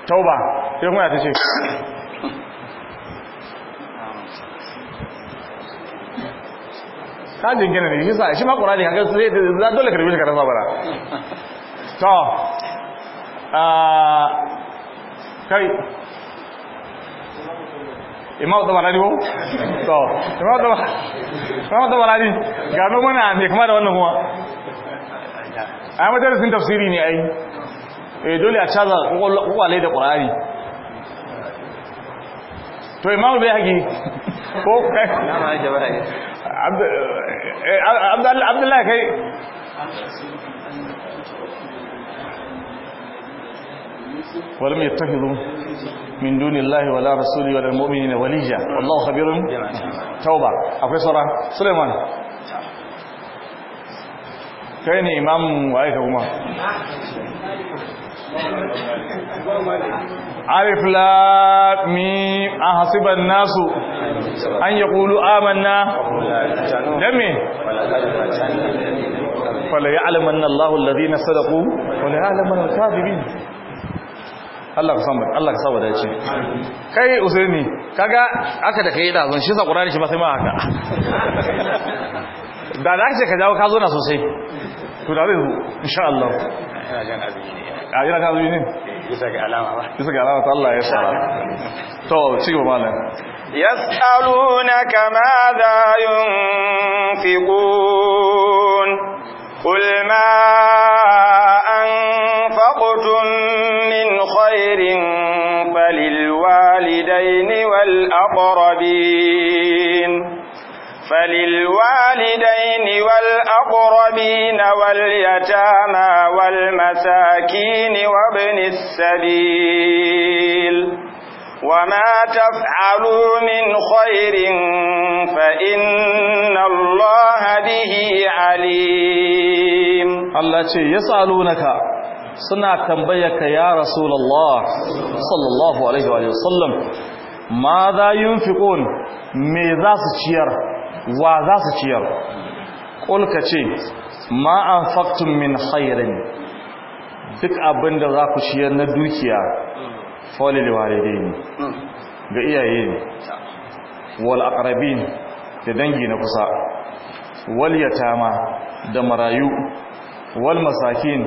tauba ita kuma ya ta ce ka jingina ne sa shi ma qur'ani kaga sai za dole ka shi karfa bara to a kai imam tabarani ko to imam tabarani imam ga gano mana ne kuma da wannan kuma a yi ai sun tafsiri ne ai eh dole a caza kwakwale da qur'ani to imam bai haki ko kai abdullahi kai ولم يتخذوا من دون الله ولا رسول ولا المؤمنين وليجا والله خبير توبة أقول صورة سليمان كأني إمام وعيك أمام alif lam mim ahasiban ah, nasu an yi yaqulu amanna dame fala ya'lamanna Allahu na sadaqu wa la ya'lamanna al-kadhibin Allah ka samu Allah ka saboda ce kai usaini kaga aka da ka yi zan shi sa Qur'ani shi masu sai ma da da ake ka jawo ka zo na sosai to da zai zo insha Allah a yana ta azumi ne bisa ga alama ba bisa ga alama ta Allah ya tsara to ci gaba malam yas'alunaka ma za yunfiqun qul ma anfaqtum min khairin falil walidaini wal aqrabin فللوالدين والأقربين واليتامى والمساكين وابن السبيل وما تفعلوا من خير فإن الله به عليم الله ce yasalunaka suna tambayarka ya rasulullah sallallahu alaihi wa sallam ma za yunfiqun me za su ciyar wa za su ciyar ƙulka ce ma faktun min khairin duk abin da za ku ciyar na dukiya folil walidai ne ga iyaye ne wal akarabin da dangi na kusa wal yatama da marayu wal masakin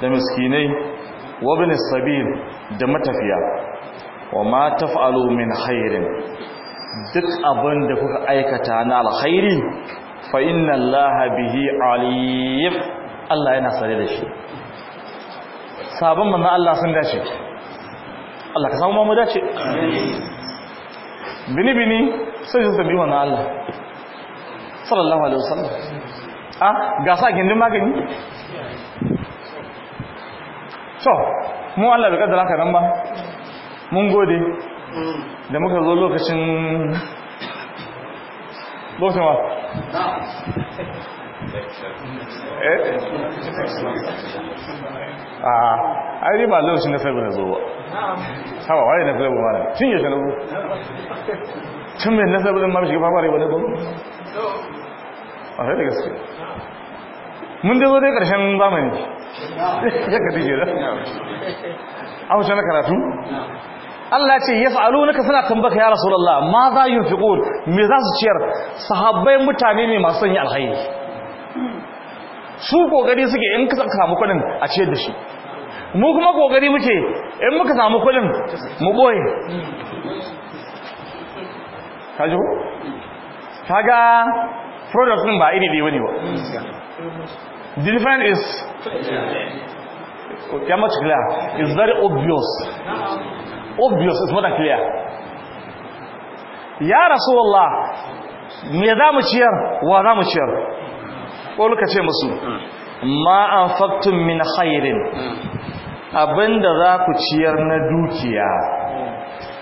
da miskinai wabin sabi da matafiya wa ma taf'alu min khairin duk abin da kuka aikata na alkhairi fa inna allaha bihi alim Allah yana sare da shi sabon manzo Allah sun dace Allah ka samu mu dace bini bini sai su tambayi wannan Allah sallallahu alaihi wasallam a ah, ga sa gindin magani to mu Allah bai kaddara ka nan ba mun gode da muka zo lokacin lokacin eh a ah, ai ba lokacin na sai na zo ba hawa wani na kulabun mana tun yake na tun mai nasa budin mafi shiga babare wani ba a sai da gaske mun dai zo dai karshen zamani ya ka dige da a wuce na karatu Allah ce ya yas'alunaka suna tambaka ya rasulullah ma za yi yunfiqun me za su ciyar sahabbai mutane ne masu sanya alhaini su ƙoƙari suke in ka samu kudin a ciyar da shi mu kuma ƙoƙari muke in muka samu kudin mu ɓoye. kaji ko kaga product ɗin ba iri da wani ba the difference is yeah much gila is very obvious obvious is not clear ya rasulullah me za mu ciyar wa za mu ciyar ko luka ce musu ma anfaqtum min khairin abinda za ku ciyar na dukiya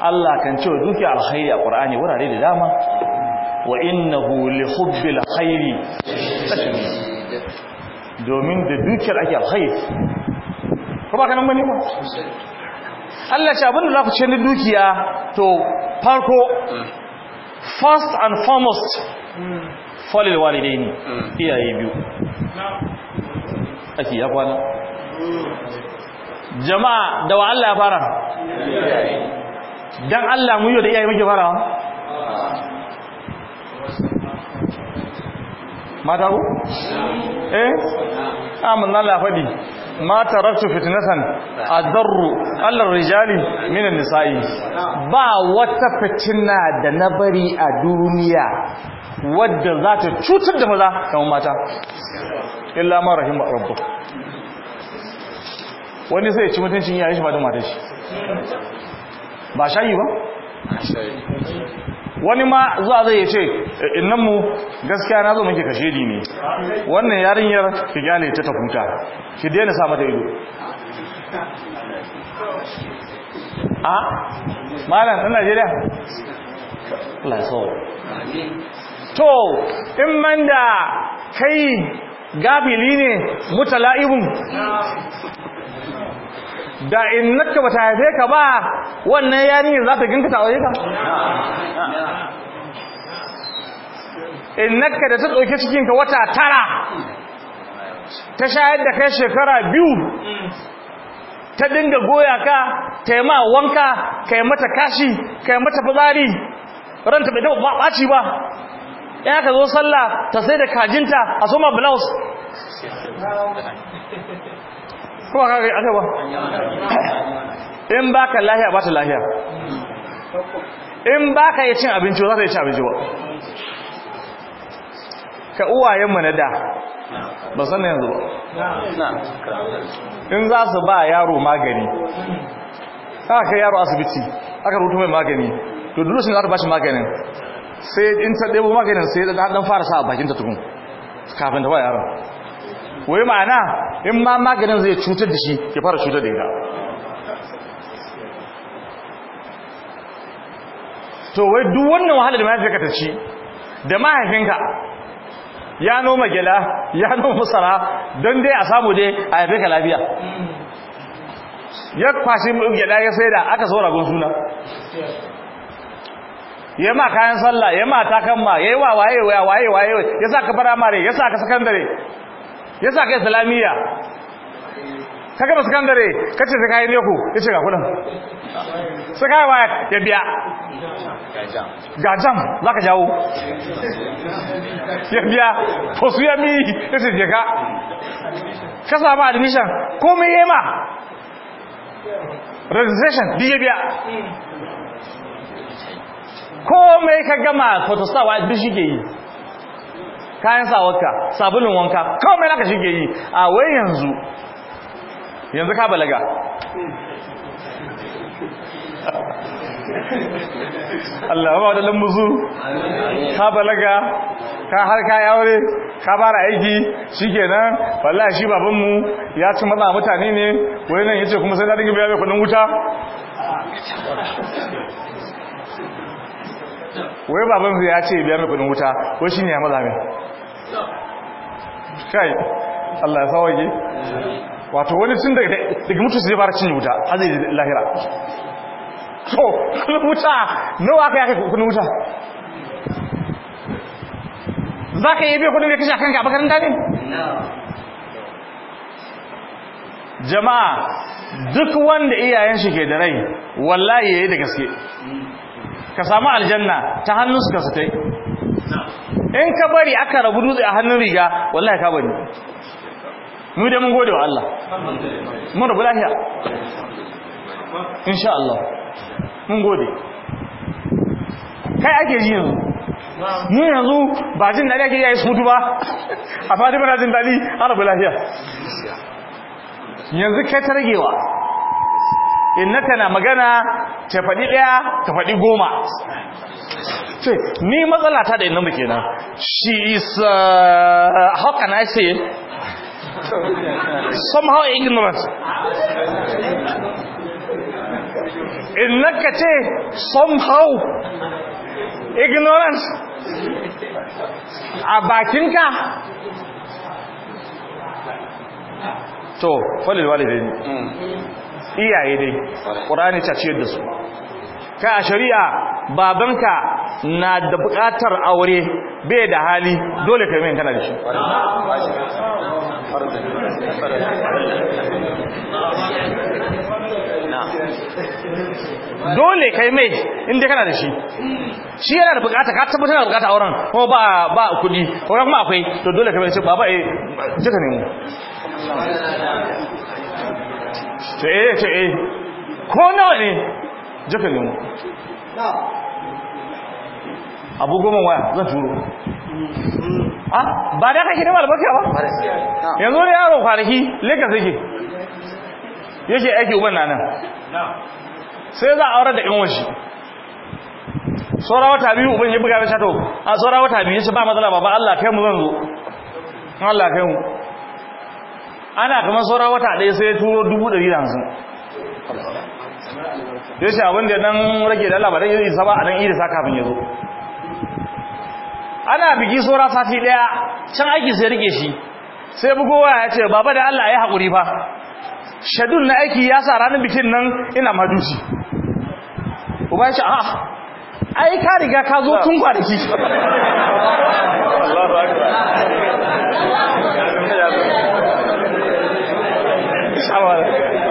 Allah kan ce dukiya alkhairi a Qur'ani wurare da dama wa innahu li hubbil khairi domin da dukiyar ake alkhairi ko ba kana mani ba Allah ce abinda za ku ce ni dukiya to farko mm. first and foremost mm. falil walidai ne mm. iyaye biyu ake ya kwana jama'a da wa Allah ya fara dan Allah mu yi da iyaye muke fara ah. mata ku? eh? amin ah, Allah mata ma taraktu fitnatan adarru allar rijali minan nisa'i ba wata fitina da na bari a duniya wadda za ta cutar da maza kamar mata illa ma rahim rabbu wani sai ci mutuncin yayin shi ba da mata shi ba shayi ba? shayi wani ma zuwa zai ya ce eh, innan mu gaskiya na zo muke kashe dini wannan yarinyar ki gane ta ta ki daina sa mata ido a malam ɗan najeriya laso to in man kai gabili ne mutala'ibun da in naka bata haife ka ba wannan yarinyar za ta ginka ta aure ka in naka da ta ɗauki cikinka wata tara ta shayar da kai shekara biyu ta dinga goya ka kai ma ka yi mata kashi ka yi mata fitsari ranta bai dafa ɓaci ba Ya ka zo sallah ta sai da kajinta a soma blouse kuma ka ga aka ba in baka lahiya ba ta lahiya in baka yi cin abinci za ta yi cin abinci ba ka mu na da ba san yanzu ba in za su ba yaro magani aka kai yaro asibiti aka rutu mai magani to sun za ta bashi maganin sai in ta ɗebo maganin sai ya ɗan fara sa a bakinta tukun kafin ta ba yaron wai ma'ana in ma maganin zai cutar da shi ya fara cutar da ita to wai duk wannan wahalar da mahaifinka ta ci da mahaifinka ya noma gela ya noma musara don dai a samu dai a haife ka lafiya ya kwashi gela ya sai da aka saura ragon suna ya ma kayan sallah ya ma takamma ya yi wa waye waye waye ya sa ka fara mare ya sa ka sakandare Ya sa kai salamiya gaba su sakandare kace sai kayan yaku ya ce ga kudin su kayan waya ya biya gajan za ka jawo ya biya ko su ya ce jeka je ka ka samu admission ma registration ya biya komai ka gama photostar wa bi shi ke yi kayan sawarka sabulun wanka kawai naka shige yi a wai yanzu yanzu ka balaga Allah ba da lambuzu ka balaga ka har ka yaure ka fara aiki shikenan wallahi shi babanmu ya ci maza mutane ne wai nan ce kuma sai na dinga biya kudin wuta wai babanmu ya ce biya mai kudin wuta wai ne ya maza mai kai Allah ya sauke wato wani tun daga mutu zai fara cin wuta a zai lahira so kudin wuta nawa aka yaka kudin wuta za ka yi biya kudin da kan ka a makaranta ne jama'a duk wanda iyayen shi ke da rai wallahi yayi da gaske ka samu aljanna ta hannun su ka su kai in ka bari aka rabu dutse a hannun riga wallahi ka bari mu da mun gode wa Allah mun rabu lafiya insha Allah mun gode kai ake ji yanzu ni yanzu ba jin dadi ake yayi sutu ba a fadi bana jin dadi an rabu lafiya yanzu kai ta ragewa innaka na magana ta faɗi ɗaya ta faɗi goma Say, ni matsala ta da yin muke kenan. She is, uh, how can I say? Somehow ignorant. In naka ce, somehow ignorance a bakinka? To, falil walidai ne. Hmm. Iyaye dai, ƙurani ta ciyar da su. ka a shari'a babanka na da buƙatar aure bai da hali dole ka min kana da shi dole kai mai inda kana da shi shi yana da bukata ka tabbatar da bukata auren kuma ba ba kudi auren kuma akwai to dole kai mai ce baba eh jika ne mu to eh to eh ko nawa ne jaka nemo abu goma waya zan turo mm-hmm. ah, ba da kake neman albarka ba yanzu ne yaro kwanaki lagos yake yake aiki uban na nan sai za a aure da yan shi saura wata biyu uban ya buga ya shato a saura wata biyu ya ba matsala ba ba Allah kai mu zan zo Allah kai mu ana kamar saura wata ɗaya sai ya turo dubu ɗari da hamsin ya abin da nan rage da labarai ba zai yi saba a nan sa kafin ya zo ana biki saura sati daya can aiki sai rike shi sai bugowa ya ce baba da Allah ya haƙuri fa shadun na aiki ya sa ranar bikin nan ina maduci uba ya ce a ai ka riga ka zo tun kwanaki Allah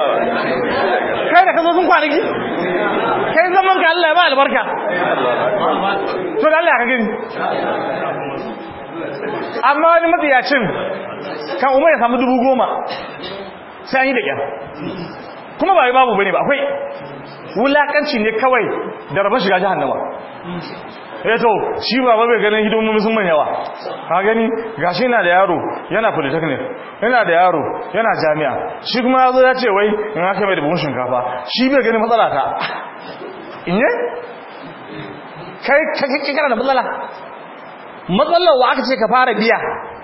da ka zo sun kwanaki kai zaman ka Allah ya ba albarka to da Allah ka gani amma wani matsiyacin kan umar ya samu dubu goma sai an yi da ƙyar kuma ba yi babu bane ba akwai wulakanci ne kawai da rabon shiga jihar nama. eto eh shi baba bai ganin hidimomi sun manyawa ha gani gashi yana da yaro yana polytechnic yana da yaro yana jami'a shi kuma zo ya ce wai in aka mai da shinkafa shi bai ganin matsala ta inye kai kai kana da matsala matsalar wa aka ce ka fara biya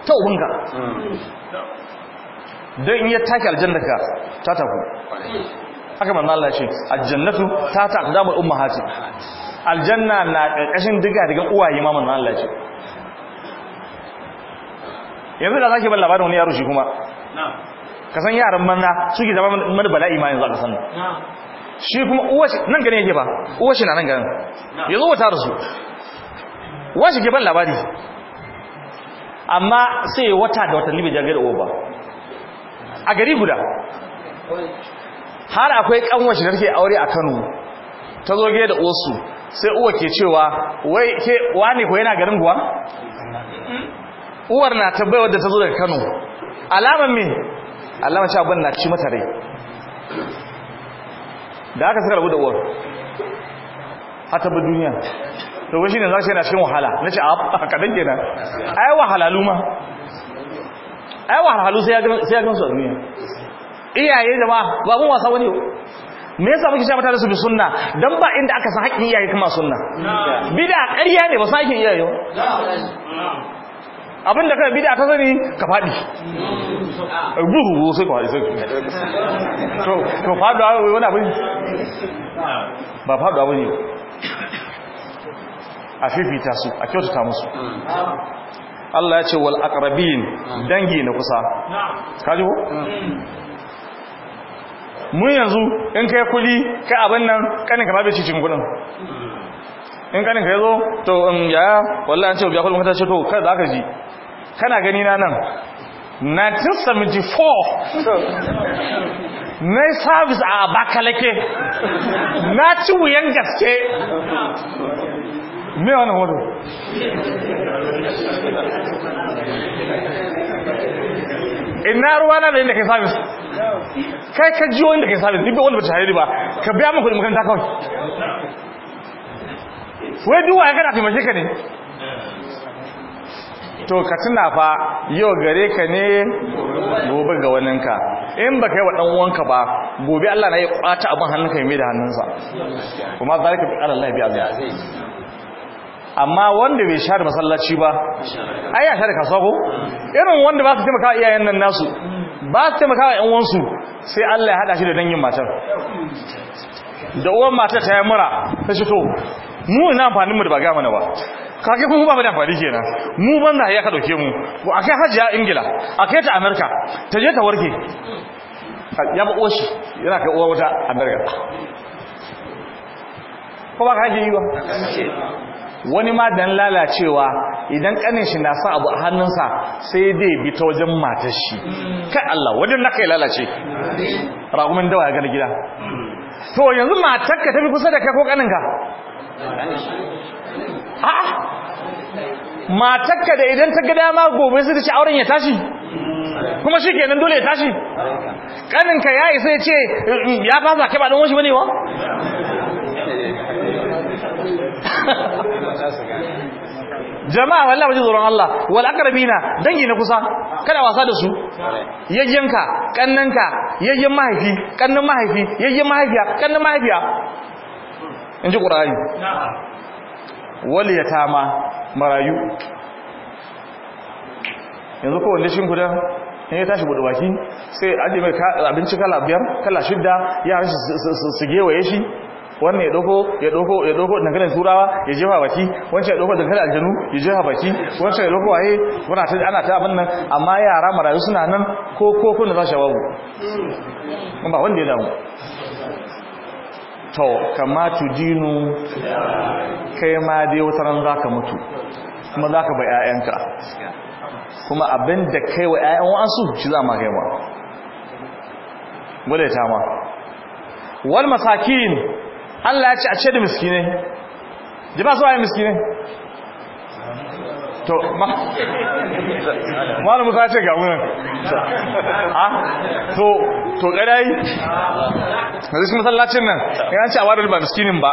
ta ubinka don in ya take aljanna ka ta taku aka manna Allah ce aljannatu ta ta damar hati aljanna na ƙarƙashin diga daga uwaye ma manzon Allah ce yanzu da zaki ban labarin wani yaro shi kuma ka san yaran manna suke zama mani bala'i ma yanzu aka sani shi kuma uwashi nan gane yake ba uwashi na nan ganin yanzu wata rasu uwashi ke ban labari amma sai wata da watanni bai jagar uwa ba a gari guda har akwai kanwashi da take aure a Kano ta zo ge da osu sai uwa ke cewa wai ke wani ko yana garin guwa uwar na tabbai wadda ta zo daga Kano alamar me alamar cewa abin na ci mata rai da aka suka rabu da uwar a tabbi duniya to wai shine shi yana cikin wahala na ce a kadan kenan ai wahala ma ai halu sai ya sai ya a duniya iyaye da ba babu wasa wani me yasa muke shafa da su bi sunna dan ba inda aka san haƙƙin iyaye kuma sunna bid'a ƙarya ne ba san haƙƙin iyaye ba abin da kai bid'a ta sani ka fadi gudu sai ka sai to to fadu wani abin ba fadi abin ne a fifita su a kyautata musu Allah ya ce wal aqrabin dangi na kusa kaji ko mun yanzu in kai kudi ka abin nan kanin ka bai cikin kudin in kanin ka yazo to in um, yaya wallahi an ce biya kudin ka tace to kada aka ji kana gani na nan 1974 na yi sabis a bakalake na ci wuyan gaske me wani hudu ina ruwa na da inda kai sabis kai ka ji wanda kai sabis duk wanda ba ta shahari ba ka biya min kudin makaranta kawai wai duwa ya gada taimake ka ne to ka tuna fa yau gare ka ne gobe ga waninka in ba kai wa dan uwanka ba gobe Allah na yi kwata abin hannunka yi mai da hannunsa kuma zalika bi Allah a azza amma wanda bai share masallaci ba ai ya share kasuwa ko irin wanda ba su taimaka iyayen nan nasu ba su taimaka wa ‘yan wansu sai Allah ya haɗa shi da dangin matar da uwan matar ta yi mura ta shi to mu na amfaninmu da ba gama na ba kake kuma ba da amfani ke nan mu ban da ya ka dauke mu ko hajji hajiya ingila a kai ta Amurka, ta je ta warke ya ba uwa shi yana kai uwa wata amurka ko ba ka yi ba wani ma dan lalacewa idan kanin shi na sa abu a hannunsa sai dai bi ta wajen matar shi kai Allah wajen na kai lalace ragumin dawa ya gani gida to yanzu matar ka tafi kusa da kai ko kanin ka a matar ka da idan ta ga dama gobe sai ta ci auren ya tashi kuma shi kenan dole ya tashi kanin ka ya isa ya ce ya fasa kai ba don wani bane wa jama'a wallahi wajen tsoron Allah wal aqrabina dangi na kusa kada wasa da su yayyanka kannanka yayyan mahaifi kannan mahaifi yayyan mahaifiya kannan mahaifiya inji qur'ani wal yatama marayu yanzu ko wanda shin guda ya tashi budubaki baki sai aje mai abinci kala biyar kala shidda yaran su gewaye shi wannan ya doko ya doko ya doko dankalin turawa ya jefa baki wancan ya doko dankalin aljanu ya jefa baki wancan ya doko waye muna ta ana ta abin nan amma yara marayu suna nan ko ko kun za shi babu ba wanda ya damu to kama dinu kai ma dai wata ran zaka mutu kuma zaka bai ayyanka kuma abin da kai wa ƴaƴan wasu shi za ma kai ma gode ta ma wal masakin Allah ya ce a ce da miskinai ba su waye miskinai to ma musa ce ga wunan a ah, to to kadai zai shi masallacin nan ya ce a wada ba miskinin ba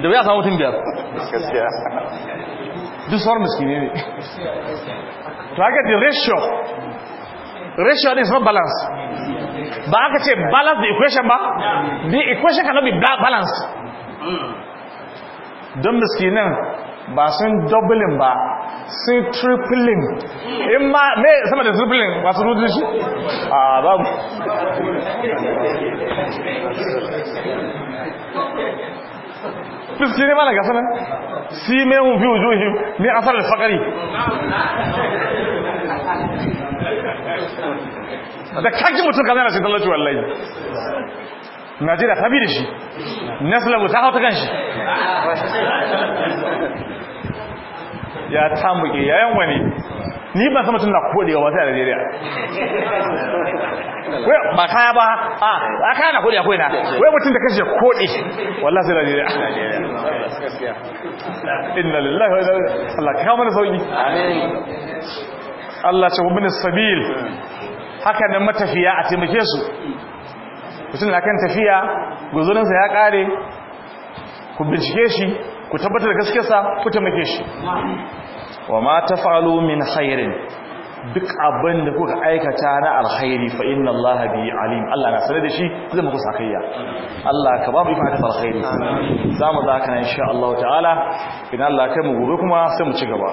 da bai a samu mutum biyar duk sauran miskini ne to haka di ratio ratio is not balance. ba aka ce balance the equation ba the equation cannot be balanced don miskinin ba sun doubling ba sun tripling in ma me sama da tripling ba su rudin shi a babu miskinin ma na gasa nan si mehun fi wujuhi ne asar da fakari da kaki mutum kaza na sai talauci wallahi najeriya ta bi da shi naslabu ta hau ta kan shi ya ta muke yayan wani ni ban san mutum na kodewa wata sai a najeriya ba kaya ba a kaya na kodewa na. wai mutum da kashe kode wallah sai najeriya inna lillahi wa Allah ka kawo mana sauki Allah ce wa bin sabil haka nan matafiya a taimake su mutum na kan tafiya guzurinsa ya kare ku bincike shi ku tabbatar da gaskiyarsa ku taimake shi wa ma taf'alu min khairin duk abin da kuka aikata na alhairi fa inna allaha bi alim Allah na sanar da shi zai muku sakayya Allah ka ba mu ifa ta alkhairi za mu za ka insha Allah ta'ala idan Allah kai mu gobe kuma sai mu ci gaba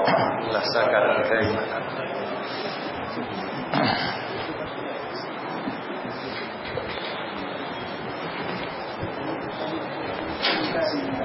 Amen.